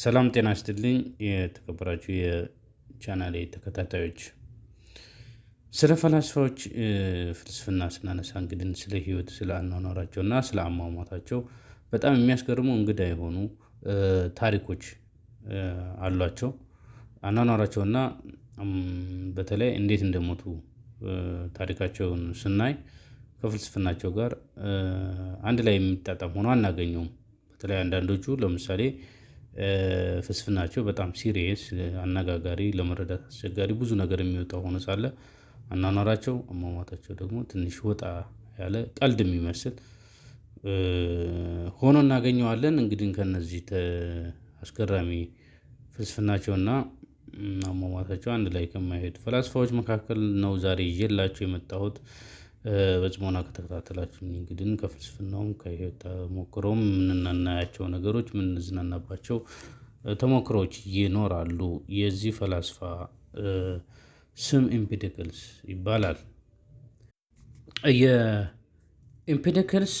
ሰላም ጤና ይስጥልኝ። የተከበራችሁ የቻናሌ ተከታታዮች ስለ ፈላስፋዎች ፍልስፍና ስናነሳ እንግዲህ ስለ ሕይወት ስለ አኗኗራቸው እና ስለ አሟሟታቸው በጣም የሚያስገርሙ እንግዳ የሆኑ ታሪኮች አሏቸው። አኗኗራቸው ና በተለይ እንዴት እንደሞቱ ታሪካቸውን ስናይ ከፍልስፍናቸው ጋር አንድ ላይ የሚጣጣም ሆኖ አናገኘውም። በተለይ አንዳንዶቹ ለምሳሌ ፍልስፍናቸው በጣም ሲሪየስ፣ አነጋጋሪ፣ ለመረዳት አስቸጋሪ ብዙ ነገር የሚወጣው ሆኖ ሳለ አኗኗራቸው፣ አሟሟታቸው ደግሞ ትንሽ ወጣ ያለ ቀልድ የሚመስል ሆኖ እናገኘዋለን። እንግዲህ ከነዚህ አስገራሚ ፍልስፍናቸውና አሟሟታቸው አንድ ላይ ከማይሄድ ፈላስፋዎች መካከል ነው ዛሬ ይዤላቸው የመጣሁት። በጽሞና ከተከታተላችሁ እንግዲህ ከፍልስፍናውም ከህይወት ተሞክሮም የምንናናያቸው ነገሮች የምንዝናናባቸው ተሞክሮዎች ይኖራሉ። የዚህ ፈላስፋ ስም ኢምፒደክልስ ይባላል። የኢምፒደክልስ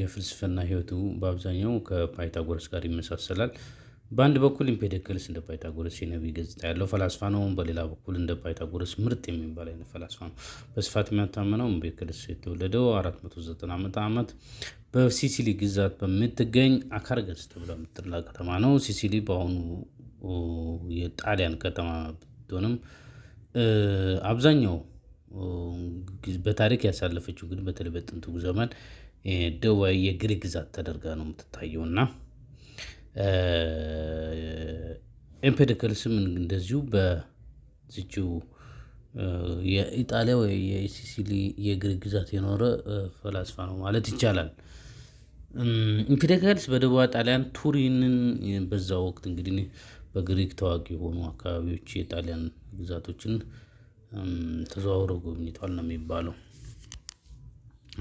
የፍልስፍና ህይወቱ በአብዛኛው ከፓይታጎረስ ጋር ይመሳሰላል። በአንድ በኩል ኢምፔደክልስ እንደ ፓይታጎረስ የነቢ ገጽታ ያለው ፈላስፋ ነው። በሌላ በኩል እንደ ፓይታጎረስ ምርጥ የሚባል አይነት ፈላስፋ ነው። በስፋት የሚያታመነው ኢምፔደክልስ የተወለደው 490 ዓመት በሲሲሊ ግዛት በምትገኝ አካርገስ ተብላ የምትጠራ ከተማ ነው። ሲሲሊ በአሁኑ የጣሊያን ከተማ ብትሆንም አብዛኛው በታሪክ ያሳለፈችው ግን በተለይ በጥንቱ ዘመን ደቡባዊ የግሪክ ግዛት ተደርጋ ነው የምትታየውና ኤምፔሪካልስም እንደዚሁ በዚችው የኢጣሊያ ወይ የሲሲሊ የግሪክ ግዛት የኖረ ፈላስፋ ነው ማለት ይቻላል። ኢምፔሪካልስ በደቡብ ጣሊያን ቱሪንን በዛ ወቅት እንግዲህ በግሪክ ታዋቂ የሆኑ አካባቢዎች የጣሊያን ግዛቶችን ተዘዋውረው ጎብኝተዋል ነው የሚባለው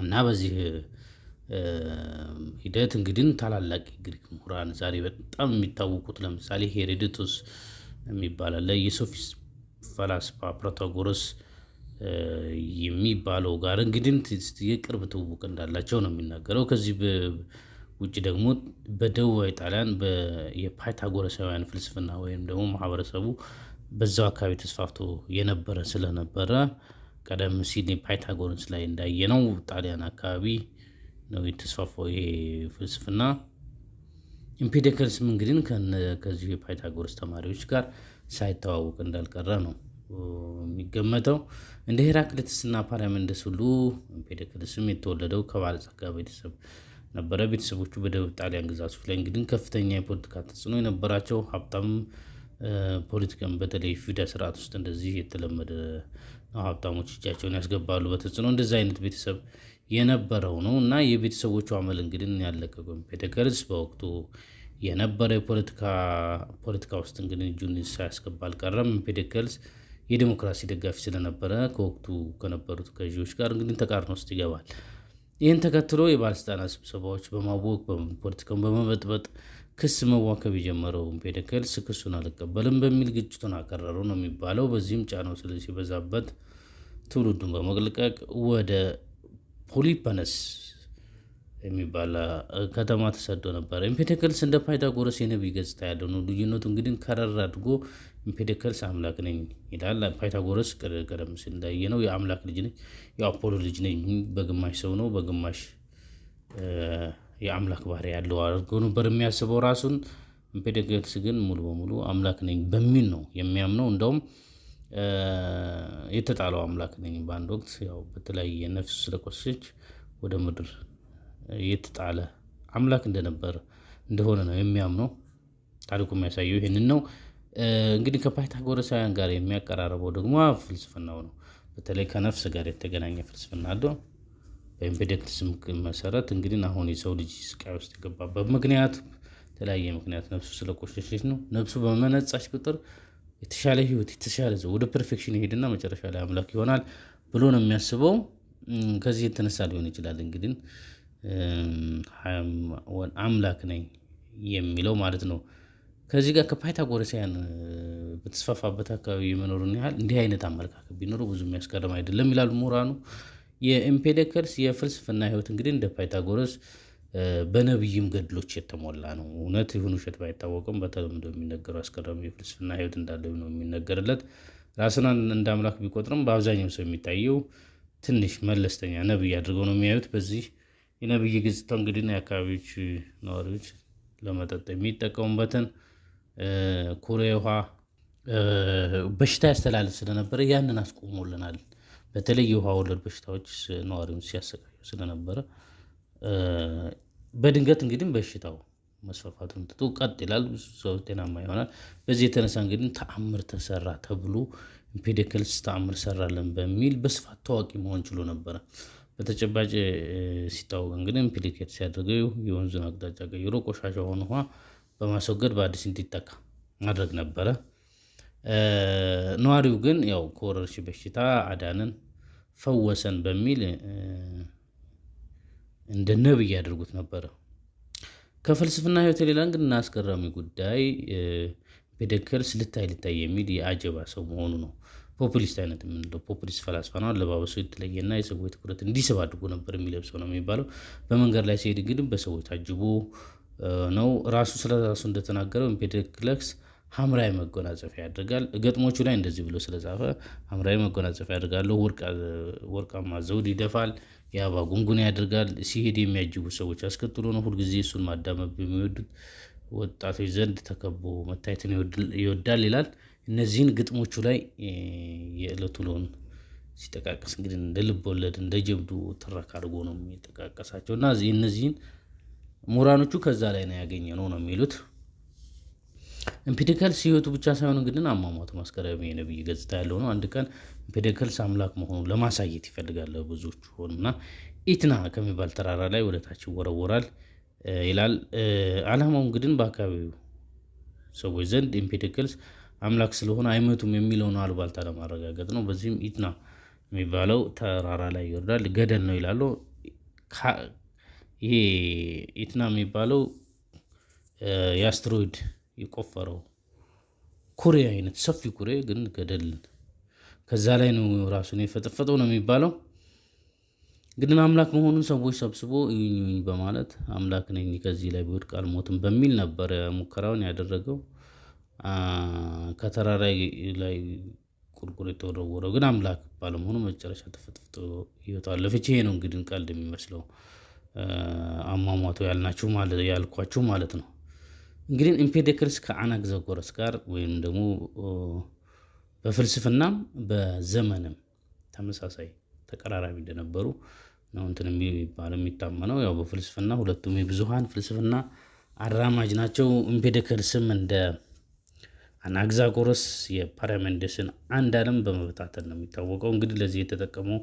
እና በዚህ ሂደት እንግዲህ ታላላቅ ግሪክ ምሁራን ዛሬ በጣም የሚታወቁት ለምሳሌ ሄሬድቶስ የሚባል አለ። የሶፊስ ፈላስፋ ፕሮታጎረስ የሚባለው ጋር እንግዲህ የቅርብ ትውውቅ እንዳላቸው ነው የሚናገረው። ከዚህ ውጭ ደግሞ በደቡባዊ ጣሊያን የፓይታጎረሳውያን ፍልስፍና ወይም ደግሞ ማህበረሰቡ በዛው አካባቢ ተስፋፍቶ የነበረ ስለነበረ ቀደም ሲል ፓይታጎረስ ላይ እንዳየነው ጣሊያን አካባቢ ነው የተስፋፋው ይሄ ፍልስፍና። ኢምፔደከልስም እንግዲህ ከዚሁ የፓይታጎርስ ተማሪዎች ጋር ሳይተዋወቅ እንዳልቀረ ነው የሚገመተው። እንደ ሄራክልትስና ፓርያመንደስ ሁሉ ኢምፔደከልስም የተወለደው ከባለጸጋ ቤተሰብ ነበረ። ቤተሰቦቹ በደቡብ ጣሊያን ግዛቶች ላይ እንግዲህ ከፍተኛ የፖለቲካ ተጽዕኖ የነበራቸው ሀብታም ፖለቲካን በተለይ ፊዳ ስርዓት ውስጥ እንደዚህ የተለመደ ነው። ሀብታሞች እጃቸውን ያስገባሉ በተጽዕኖ። እንደዚህ አይነት ቤተሰብ የነበረው ነው እና የቤተሰቦቹ አመል እንግዲህ ያለቀቁም ቤተክርስ በወቅቱ የነበረ ፖለቲካ ውስጥ እንግዲህ እጁን ሳያስገባ አልቀረም። ቤተክርስ የዲሞክራሲ ደጋፊ ስለነበረ ከወቅቱ ከነበሩት ገዢዎች ጋር እንግዲህ ተቃርኖ ውስጥ ይገባል። ይህን ተከትሎ የባለስልጣናት ስብሰባዎች በማወቅ ፖለቲካውን በመበጥበጥ ክስ መዋከብ የጀመረው ቤተክርስ ክሱን አልቀበልም በሚል ግጭቱን አቀረሩ ነው የሚባለው። በዚህም ጫናው ስለ ሲበዛበት ትውልዱን በመቅለቅ ወደ ፖሊፐነስ የሚባል ከተማ ተሰዶ ነበረ። ኢምፔደክልስ እንደ ፓይታጎረስ የነቢይ ገጽታ ያለው ነው። ልዩነቱ እንግዲህ ከረር አድርጎ ኢምፔደክልስ አምላክ ነኝ ይላል። ፓይታጎረስ ቀደም ሲል እንዳየ ነው የአምላክ ልጅ ነኝ፣ የአፖሎ ልጅ ነኝ፣ በግማሽ ሰው ነው፣ በግማሽ የአምላክ ባህሪ ያለው አድርጎ ነበር የሚያስበው ራሱን። ኢምፔደክልስ ግን ሙሉ በሙሉ አምላክ ነኝ በሚል ነው የሚያምነው። እንደውም የተጣለው አምላክ ነኝ። በአንድ ወቅት ያው በተለያየ ነፍስ ስለቆሰች ወደ ምድር የተጣለ አምላክ እንደነበር እንደሆነ ነው የሚያምነው። ታሪኩ የሚያሳየው ይህንን ነው። እንግዲህ ከፓይታጎረሳውያን ጋር የሚያቀራርበው ደግሞ ፍልስፍናው ነው። በተለይ ከነፍስ ጋር የተገናኘ ፍልስፍና አለ። በኢምፔደክትስም መሰረት እንግዲህ አሁን የሰው ልጅ ስቃይ ውስጥ የገባበት ምክንያት የተለያየ ምክንያት ነፍሱ ስለቆሸሸች ነው። ነፍሱ በመነጻች ቁጥር የተሻለ ህይወት የተሻለ ዘ ወደ ፐርፌክሽን ይሄድና መጨረሻ ላይ አምላክ ይሆናል ብሎ ነው የሚያስበው። ከዚህ የተነሳ ሊሆን ይችላል እንግዲህ አምላክ ነኝ የሚለው ማለት ነው። ከዚህ ጋር ከፓይታጎረሳያን በተስፋፋበት አካባቢ የመኖርን ያህል እንዲህ አይነት አመለካከት ቢኖረው ብዙ የሚያስቀርም አይደለም ይላሉ ምሁራኑ። የኤምፔደከርስ የፍልስፍና ህይወት እንግዲህ እንደ ፓይታጎረስ በነቢይም ገድሎች የተሞላ ነው። እውነት ይሁን ውሸት ባይታወቅም በተለምዶ የሚነገረው አስገራሚ የፍልስፍና ህይወት እንዳለው ነው የሚነገርለት። ራስን እንደ አምላክ ቢቆጥርም በአብዛኛው ሰው የሚታየው ትንሽ መለስተኛ ነቢይ አድርገው ነው የሚያዩት። በዚህ የነቢይ ገጽታ እንግዲህ የአካባቢዎች ነዋሪዎች ለመጠጥ የሚጠቀሙበትን ኩሬ ውሃ በሽታ ያስተላልፍ ስለነበረ ያንን አስቆሞልናል። በተለይ የውሃ ወለድ በሽታዎች ነዋሪውን ሲያሰቃዩ ስለነበረ በድንገት እንግዲህ በሽታው መስፋፋቱን ትቶ ቀጥ ይላል። ሰው ጤናማ ይሆናል። በዚህ የተነሳ እንግዲህ ተአምር ተሰራ ተብሎ ኢምፔደክልስ ተአምር ሰራለን በሚል በስፋት ታዋቂ መሆን ችሎ ነበረ። በተጨባጭ ሲታወቅ እንግዲህ ኢምፔደክልስ ሲያደርገው የወንዙን አቅጣጫ ቀይሮ ቆሻሻ ሆነ ውሃ በማስወገድ በአዲስ እንዲጠቃ ማድረግ ነበረ። ነዋሪው ግን ያው ከወረርሽኝ በሽታ አዳንን፣ ፈወሰን በሚል እንደ ነብይ ያደርጉት ነበረ። ከፍልስፍና ህይወት ሌላ ግን አስገራሚ ጉዳይ ቤደከል ስልታይ ልታይ የሚል የአጀባ ሰው መሆኑ ነው። ፖፑሊስት አይነት የምንለው ፖፑሊስት ፈላስፋ ነው። አለባበሱ የተለየና የሰዎች ትኩረት እንዲስብ አድርጎ ነበር የሚለብሰው ነው የሚባለው። በመንገድ ላይ ሲሄድ እንግዲህ በሰዎች ታጅቦ ነው። ራሱ ስለ ራሱ እንደተናገረው ኢምፔደክለክስ ሐምራዊ መጎናጸፊያ ያደርጋል። ገጥሞቹ ላይ እንደዚህ ብሎ ስለጻፈ ሐምራዊ መጎናጸፊያ ያደርጋለሁ፣ ወርቃማ ዘውድ ይደፋል፣ የአበባ ጉንጉን ያደርጋል። ሲሄድ የሚያጅቡ ሰዎች አስከትሎ ነው ሁልጊዜ እሱን ማዳመብ የሚወዱት ወጣቶች ዘንድ ተከቦ መታየትን ይወዳል ይላል። እነዚህን ግጥሞቹ ላይ የዕለት ሎን ሲጠቃቀስ እንግዲህ እንደ ልብ ወለድ እንደ ጀብዱ ትረካ አድርጎ ነው የሚጠቃቀሳቸው እና እነዚህን ምሁራኖቹ ከዛ ላይ ነው ያገኘ ነው ነው የሚሉት። ኢምፔደከልስ ሕይወቱ ብቻ ሳይሆን እንግዲህ አሟሟቱ መስከረም የነብይ ገጽታ ያለው ነው። አንድ ቀን ኢምፔደከልስ አምላክ መሆኑን ለማሳየት ይፈልጋል ብዙዎች ሆኑና ኢትና ከሚባል ተራራ ላይ ወደታች ይወረወራል ይላል። አላማው እንግዲህ በአካባቢው ሰዎች ዘንድ ኢምፔደከልስ አምላክ ስለሆነ አይመቱም ነው አልባልታ ለማረጋገጥ ነው። በዚህም ኢትና የሚባለው ተራራ ላይ ይወርዳል። ገደል ነው ይላሉ። ይሄ ኢትና የሚባለው የአስትሮይድ የቆፈረው ኩሬ አይነት ሰፊ ኩሬ ግን ገደል ከዛ ላይ ነው ራሱን የፈጠፈጠው ነው የሚባለው። ግን አምላክ መሆኑን ሰዎች ሰብስቦ እዩኝ በማለት አምላክ ነኝ ከዚህ ላይ ብወድቅ አልሞትም በሚል ነበረ ሙከራውን ያደረገው። ከተራራ ላይ ቁልቁል የተወረወረው ግን አምላክ ባለመሆኑ መጨረሻ ተፈጥፍጦ ይወጣል። ለፍቼ ይሄ ነው እንግዲህ ቀልድ የሚመስለው አሟሟቱ ያልናችሁ ያልኳችሁ ማለት ነው። እንግዲህ ኢምፔዴክልስ ከአናግዛጎረስ ጋር ወይም ደግሞ በፍልስፍናም በዘመንም ተመሳሳይ ተቀራራቢ እንደነበሩ ነው እንትን የሚባለው የሚታመነው። ያው በፍልስፍና ሁለቱም የብዙሀን ፍልስፍና አራማጅ ናቸው። ኢምፔዴክልስም እንደ አናግዛጎረስ የፓርሜኒዴስን አንድ ዓለም በመበታተን ነው የሚታወቀው። እንግዲህ ለዚህ የተጠቀመው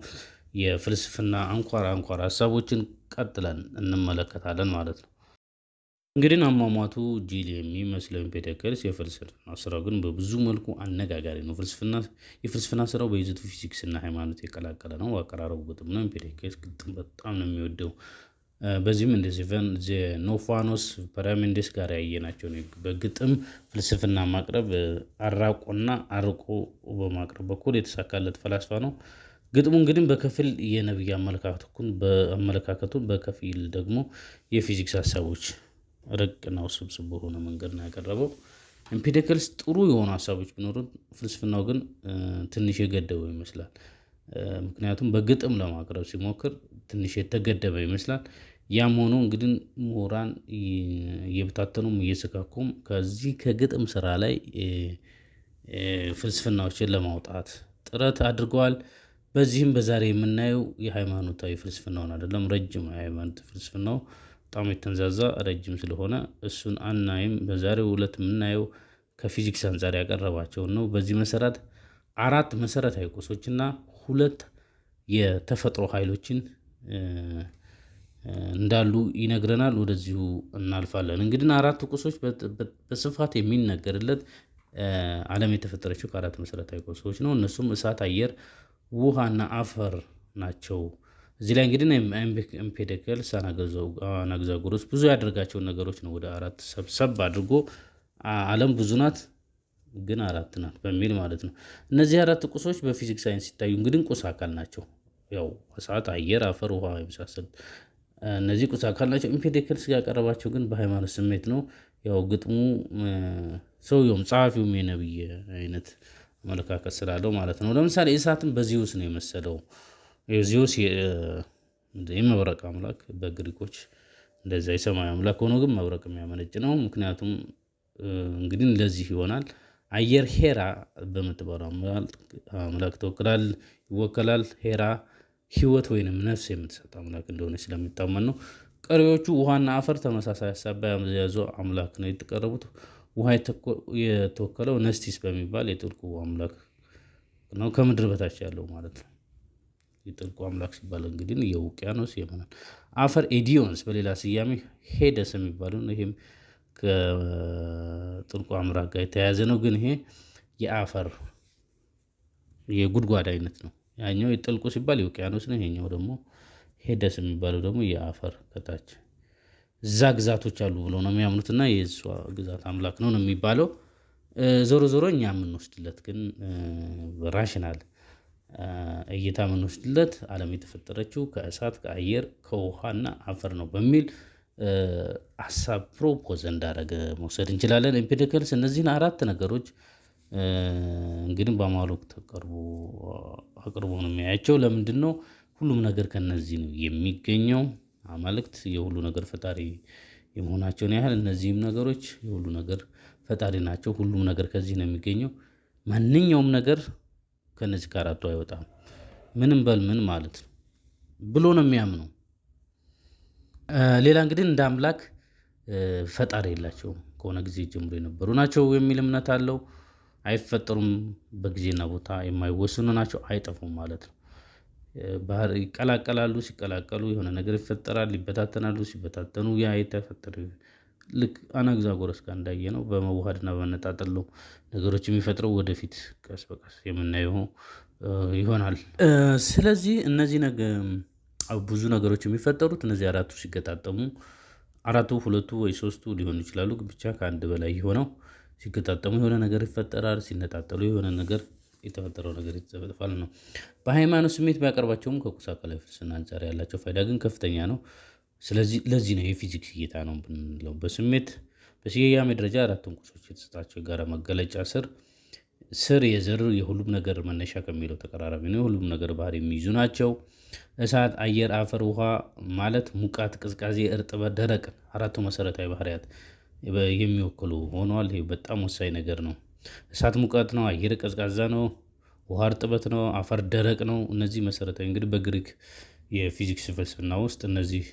የፍልስፍና አንኳር አንኳር ሀሳቦችን ቀጥለን እንመለከታለን ማለት ነው። እንግዲህ አሟሟቱ ጅል የሚመስለው ፒታገረስ የፍልስፍና ስራው ግን በብዙ መልኩ አነጋጋሪ ነው። የፍልስፍና ስራው በይዘቱ ፊዚክስ እና ሃይማኖት የቀላቀለ ነው። አቀራረቡ ግጥም ነው። ፒታገረስ ግጥም በጣም ነው የሚወደው። በዚህም እንደ ዘኖፋኖስ ፐርሜንዴስ ጋር ያየናቸው ነው። በግጥም ፍልስፍና ማቅረብ አራቆና አርቆ በማቅረብ በኩል የተሳካለት ፈላስፋ ነው። ግጥሙ እንግዲህ በከፊል የነብይ አመለካከቱን በከፊል ደግሞ የፊዚክስ ሀሳቦች ነው ውስብስብ በሆነ መንገድ ነው ያቀረበው። ኢምፒደክልስ ጥሩ የሆኑ ሀሳቦች ቢኖሩት ፍልስፍናው ግን ትንሽ የገደበው ይመስላል። ምክንያቱም በግጥም ለማቅረብ ሲሞክር ትንሽ የተገደበ ይመስላል። ያም ሆኖ እንግዲህ ምሁራን እየበታተኑም እየሰካኩም ከዚህ ከግጥም ስራ ላይ ፍልስፍናዎችን ለማውጣት ጥረት አድርገዋል። በዚህም በዛሬ የምናየው የሃይማኖታዊ ፍልስፍናውን አይደለም፣ ረጅም ሃይማኖት ፍልስፍናው በጣም የተንዛዛ ረጅም ስለሆነ እሱን አናይም። በዛሬው ዕለት የምናየው ከፊዚክስ አንጻር ያቀረባቸውን ነው። በዚህ መሰረት አራት መሰረታዊ ቁሶች እና ሁለት የተፈጥሮ ኃይሎችን እንዳሉ ይነግረናል። ወደዚሁ እናልፋለን። እንግዲህ አራት ቁሶች በስፋት የሚነገርለት ዓለም የተፈጠረችው ከአራት መሰረታዊ ቁሶች ነው። እነሱም እሳት፣ አየር፣ ውሃና አፈር ናቸው እዚህ ላይ እንግዲህ ኤምፔደከል አናግዛጎረስ ብዙ ያደርጋቸውን ነገሮች ነው ወደ አራት ሰብሰብ አድርጎ ዓለም ብዙ ናት ግን አራት ናት በሚል ማለት ነው። እነዚህ አራት ቁሶች በፊዚክስ ሳይንስ ሲታዩ እንግዲህ ቁስ አካል ናቸው። ያው እሳት፣ አየር፣ አፈር፣ ውሃ የመሳሰሉት እነዚህ ቁስ አካል ናቸው። ኢምፔደክልስ ያቀረባቸው ግን በሃይማኖት ስሜት ነው። ያው ግጥሙ ሰውየውም ጸሐፊውም የነብይ አይነት አመለካከት ስላለው ማለት ነው። ለምሳሌ እሳትን ውስጥ ነው የመሰለው ዜውስ የመብረቅ አምላክ በግሪኮች እንደዛ የሰማይ አምላክ ሆኖ ግን መብረቅ የሚያመነጭ ነው። ምክንያቱም እንግዲህ እንደዚህ ይሆናል አየር ሄራ በምትባለው አምላክ ተወክላል ይወከላል። ሄራ ህይወት ወይንም ነፍስ የምትሰጥ አምላክ እንደሆነ ስለሚታመን ነው። ቀሪዎቹ ውሃና አፈር ተመሳሳይ ሀሳብ በያዙ አምላክ ነው የተቀረቡት። ውሃ የተወከለው ነስቲስ በሚባል የቱርኩ አምላክ ነው፣ ከምድር በታች ያለው ማለት ነው። የጥልቁ አምላክ ሲባል እንግዲህ የውቅያኖስ የምናል አፈር ኤዲዮንስ በሌላ ስያሜ ሄደስ የሚባሉ ይህም ከጥልቁ አምላክ ጋር የተያያዘ ነው። ግን ይሄ የአፈር የጉድጓድ አይነት ነው። ያኛው የጥልቁ ሲባል የውቅያኖስ ነው። ይሄኛው ደግሞ ሄደስ የሚባለው ደግሞ የአፈር ከታች እዛ ግዛቶች አሉ ብለው ነው የሚያምኑት እና የእሷ ግዛት አምላክ ነው ነው የሚባለው። ዞሮ ዞሮ እኛ የምንወስድለት ግን ራሽናል እይታ የምንወስድለት ዓለም የተፈጠረችው ከእሳት ከአየር ከውሃና አፈር ነው በሚል ሀሳብ ፕሮፖዝ እንዳደረገ መውሰድ እንችላለን። ኤምፒሪካልስ እነዚህን አራት ነገሮች እንግዲህ በአማልክት አቅርቦ አቅርቦ ነው የሚያያቸው። ለምንድን ነው ሁሉም ነገር ከነዚህ ነው የሚገኘው? አማልክት የሁሉ ነገር ፈጣሪ የመሆናቸውን ያህል እነዚህም ነገሮች የሁሉ ነገር ፈጣሪ ናቸው። ሁሉም ነገር ከዚህ ነው የሚገኘው። ማንኛውም ነገር ከነዚህ ከአራቱ አይወጣም። ምንም በል ምን ማለት ነው ብሎ ነው የሚያምነው። ሌላ እንግዲህ እንደ አምላክ ፈጣሪ የላቸውም ከሆነ ጊዜ ጀምሮ የነበሩ ናቸው የሚል እምነት አለው። አይፈጠሩም፣ በጊዜና ቦታ የማይወስኑ ናቸው፣ አይጠፉም ማለት ነው። ባህር ይቀላቀላሉ፣ ሲቀላቀሉ የሆነ ነገር ይፈጠራል። ይበታተናሉ፣ ሲበታተኑ ያ የተፈጠረ ልክ አናግዛጎረስ ጋር ነው በመዋሃድና በመነጣጠል ነው ነገሮች የሚፈጥረው። ወደፊት ቀስ በቀስ የምናየው ይሆናል። ስለዚህ እነዚህ ብዙ ነገሮች የሚፈጠሩት እነዚህ አራቱ ሲገጣጠሙ፣ አራቱ ሁለቱ ወይ ሶስቱ ሊሆኑ ይችላሉ፣ ብቻ ከአንድ በላይ የሆነው ሲገጣጠሙ የሆነ ነገር ይፈጠራል። ሲነጣጠሉ የሆነ ነገር የተፈጠረው ነገር የተዘፈጠፋል ነው። በሃይማኖት ስሜት ቢያቀርባቸውም ከቁሳቀላዊ ፍልስፍና አንጻር ያላቸው ፋይዳ ግን ከፍተኛ ነው። ስለዚህ ለዚህ ነው የፊዚክስ እይታ ነው ብንለው። በስሜት በስያሜ ደረጃ አራቱን ቁሶች የተሰጣቸው የጋራ መገለጫ ስር ስር የዘር የሁሉም ነገር መነሻ ከሚለው ተቀራራቢ ነው። የሁሉም ነገር ባህሪ የሚይዙ ናቸው። እሳት፣ አየር፣ አፈር፣ ውሃ ማለት ሙቃት፣ ቅዝቃዜ፣ እርጥበት፣ ደረቅ አራቱ መሰረታዊ ባህሪያት የሚወክሉ ሆኗል። ይህ በጣም ወሳኝ ነገር ነው። እሳት ሙቀት ነው። አየር ቀዝቃዛ ነው። ውሃ እርጥበት ነው። አፈር ደረቅ ነው። እነዚህ መሰረታዊ እንግዲህ በግሪክ የፊዚክስ ፍልስፍና ውስጥ እነዚህ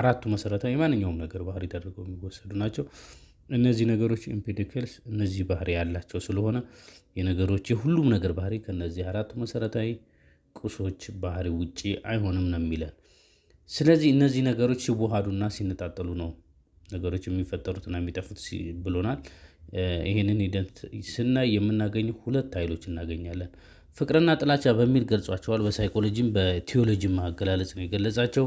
አራቱ መሰረታዊ የማንኛውም ነገር ባህሪ ተደርገው የሚወሰዱ ናቸው። እነዚህ ነገሮች ኢምፔዲክልስ እነዚህ ባህሪ ያላቸው ስለሆነ የነገሮች የሁሉም ነገር ባህሪ ከነዚህ አራቱ መሰረታዊ ቁሶች ባህሪ ውጪ አይሆንም ነው የሚለን። ስለዚህ እነዚህ ነገሮች ሲዋሃዱና ሲነጣጠሉ ነው ነገሮች የሚፈጠሩትና የሚጠፉት ብሎናል። ይህንን ሂደት ስናይ የምናገኘው ሁለት ኃይሎች እናገኛለን። ፍቅርና ጥላቻ በሚል ገልጿቸዋል። በሳይኮሎጂም በቲዮሎጂም አገላለጽ ነው የገለጻቸው።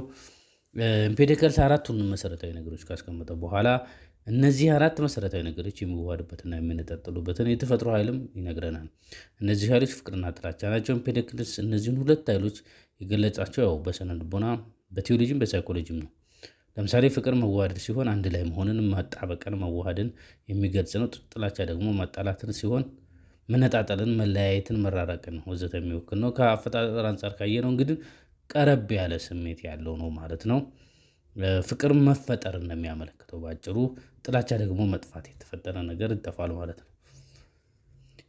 ኢምፔደከልስ አራቱንም መሰረታዊ ነገሮች ካስቀመጠ በኋላ እነዚህ አራት መሰረታዊ ነገሮች የሚዋሃዱበትና የሚነጣጠሉበትን የተፈጥሮ ኃይልም ይነግረናል። እነዚህ ኃይሎች ፍቅርና ጥላቻ ናቸው። ኢምፔደክልስ እነዚህን ሁለት ኃይሎች የገለጻቸው ያው በስነ ልቦና በቴዎሎጂም በሳይኮሎጂም ነው። ለምሳሌ ፍቅር መዋሃድ ሲሆን አንድ ላይ መሆንን ማጣበቅን፣ መዋሃድን የሚገልጽ ነው። ጥላቻ ደግሞ ማጣላትን ሲሆን መነጣጠልን፣ መለያየትን፣ መራራቅን ወዘተ የሚወክል ነው። ከአፈጣጠር አንጻር ካየ ነው እንግዲህ ቀረብ ያለ ስሜት ያለው ነው ማለት ነው። ፍቅር መፈጠር እንደሚያመለክተው በአጭሩ፣ ጥላቻ ደግሞ መጥፋት፣ የተፈጠረ ነገር ይጠፋል ማለት ነው።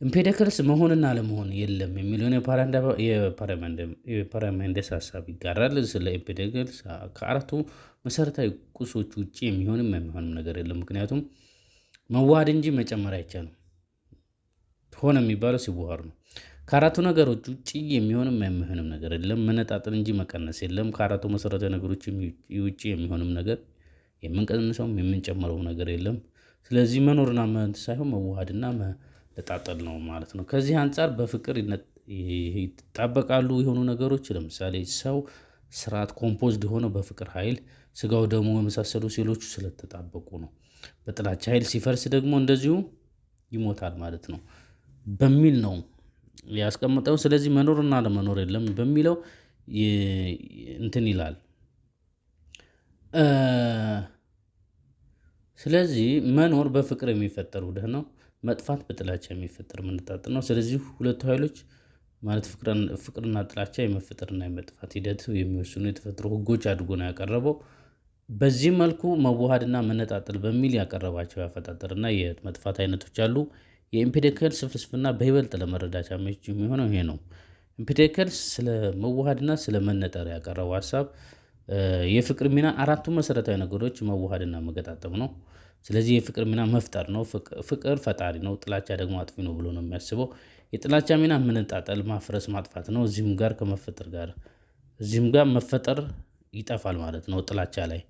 ኢምፔደክልስ መሆንና ለመሆን የለም የሚለውን የፓራሜንዴስ ሀሳብ ይጋራል። ስለ ኢምፔደክልስ ከአራቱ መሰረታዊ ቁሶች ውጭ የሚሆንም የሚሆንም ነገር የለም። ምክንያቱም መዋሃድ እንጂ መጨመር አይቻልም። ሆነ የሚባለው ሲዋሃድ ነው። ከአራቱ ነገሮች ውጭ የሚሆንም የማይሆንም ነገር የለም። መነጣጠል እንጂ መቀነስ የለም። ከአራቱ መሰረታዊ ነገሮች ውጭ የሚሆንም ነገር የምንቀንሰውም የምንጨምረው ነገር የለም። ስለዚህ መኖርና መት ሳይሆን መዋሃድና መነጣጠል ነው ማለት ነው። ከዚህ አንጻር በፍቅር ይጣበቃሉ የሆኑ ነገሮች ለምሳሌ ሰው ስርዓት ኮምፖዝድ የሆነው በፍቅር ኃይል ስጋው ደግሞ የመሳሰሉ ሴሎቹ ስለተጣበቁ ነው። በጥላቻ ኃይል ሲፈርስ ደግሞ እንደዚሁ ይሞታል ማለት ነው በሚል ነው ያስቀምጠው ስለዚህ መኖርና ለመኖር የለም በሚለው እንትን ይላል። ስለዚህ መኖር በፍቅር የሚፈጠር ውደት ነው። መጥፋት በጥላቻ የሚፈጠር ምንጣጥ ነው። ስለዚህ ሁለቱ ኃይሎች ማለት ፍቅርና ጥላቻ የመፈጠርና የመጥፋት ሂደት የሚወስኑ የተፈጥሮ ህጎች አድርጎ ነው ያቀረበው። በዚህ መልኩ መዋሃድና መነጣጠል በሚል ያቀረባቸው ያፈጣጠርና የመጥፋት አይነቶች አሉ። የኢምፔዴክልስ ፍልስፍና በይበልጥ ለመረዳት አመቺ የሚሆነው ይሄ ነው። ኢምፔዴክልስ ስለ መዋሃድና ስለ መነጠር ያቀረበው ሀሳብ የፍቅር ሚና አራቱ መሰረታዊ ነገሮች መዋሃድና መገጣጠም ነው። ስለዚህ የፍቅር ሚና መፍጠር ነው። ፍቅር ፈጣሪ ነው፣ ጥላቻ ደግሞ አጥፊ ነው ብሎ ነው የሚያስበው። የጥላቻ ሚና መነጣጠል፣ ማፍረስ፣ ማጥፋት ነው። እዚህም ጋር ከመፈጠር ጋር እዚህም ጋር መፈጠር ይጠፋል ማለት ነው ጥላቻ ላይ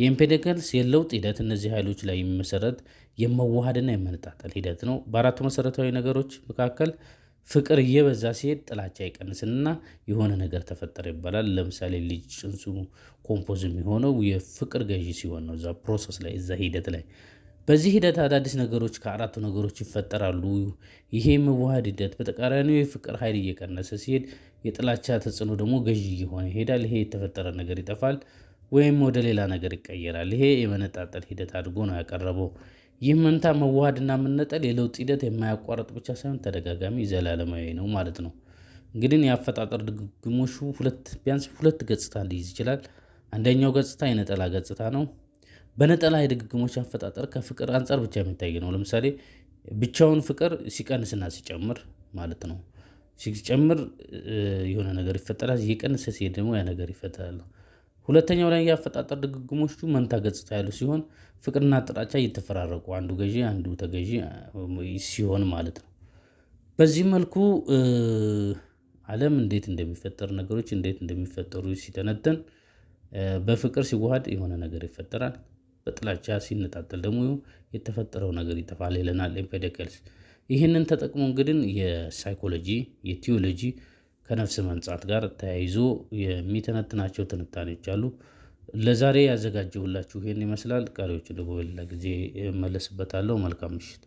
የኢምፔደከልስ የለውጥ ሂደት እነዚህ ኃይሎች ላይ የሚመሰረት የመዋሃድና የመነጣጠል ሂደት ነው። በአራቱ መሰረታዊ ነገሮች መካከል ፍቅር እየበዛ ሲሄድ ጥላቻ ይቀንስንና የሆነ ነገር ተፈጠረ ይባላል። ለምሳሌ ልጅ ጽንሱ ኮምፖዝ የሚሆነው የፍቅር ገዢ ሲሆን ነው፣ እዛ ፕሮሰስ ላይ እዛ ሂደት ላይ። በዚህ ሂደት አዳዲስ ነገሮች ከአራቱ ነገሮች ይፈጠራሉ። ይሄ የመዋሃድ ሂደት በተቃራኒው የፍቅር ኃይል እየቀነሰ ሲሄድ፣ የጥላቻ ተጽዕኖ ደግሞ ገዢ እየሆነ ይሄዳል። ይሄ የተፈጠረ ነገር ይጠፋል። ወይም ወደ ሌላ ነገር ይቀየራል። ይሄ የመነጣጠል ሂደት አድርጎ ነው ያቀረበው። ይህ መንታ መዋሃድና መነጠል የለውጥ ሂደት የማያቋርጥ ብቻ ሳይሆን ተደጋጋሚ ዘላለማዊ ነው ማለት ነው። እንግዲህ የአፈጣጠር ድግግሞሹ ሁለት ቢያንስ ሁለት ገጽታ ሊይዝ ይችላል። አንደኛው ገጽታ የነጠላ ገጽታ ነው። በነጠላ የድግግሞች አፈጣጠር ከፍቅር አንጻር ብቻ የሚታይ ነው። ለምሳሌ ብቻውን ፍቅር ሲቀንስና ሲጨምር ማለት ነው። ሲጨምር የሆነ ነገር ይፈጠራል። እየቀነሰ ሲሄድ ደግሞ ያ ነገር ይፈጠራል። ሁለተኛው ላይ የአፈጣጠር ድግግሞቹ መንታ ገጽታ ያሉ ሲሆን ፍቅርና ጥላቻ እየተፈራረቁ አንዱ ገዢ አንዱ ተገዢ ሲሆን ማለት ነው። በዚህ መልኩ ዓለም እንዴት እንደሚፈጠር ነገሮች እንዴት እንደሚፈጠሩ ሲተነተን በፍቅር ሲዋሃድ የሆነ ነገር ይፈጠራል። በጥላቻ ሲነጣጠል ደግሞ የተፈጠረው ነገር ይጠፋል ይለናል ኤምፔደክልስ። ይህንን ተጠቅሞ እንግዲህ የሳይኮሎጂ የቲዮሎጂ ከነፍስ መንጻት ጋር ተያይዞ የሚተነትናቸው ትንታኔዎች አሉ። ለዛሬ ያዘጋጀሁላችሁ ይህን ይመስላል። ቀሪዎቹ ደግሞ በሌላ ጊዜ እመለስበታለሁ። መልካም ምሽት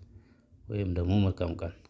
ወይም ደግሞ መልካም ቀን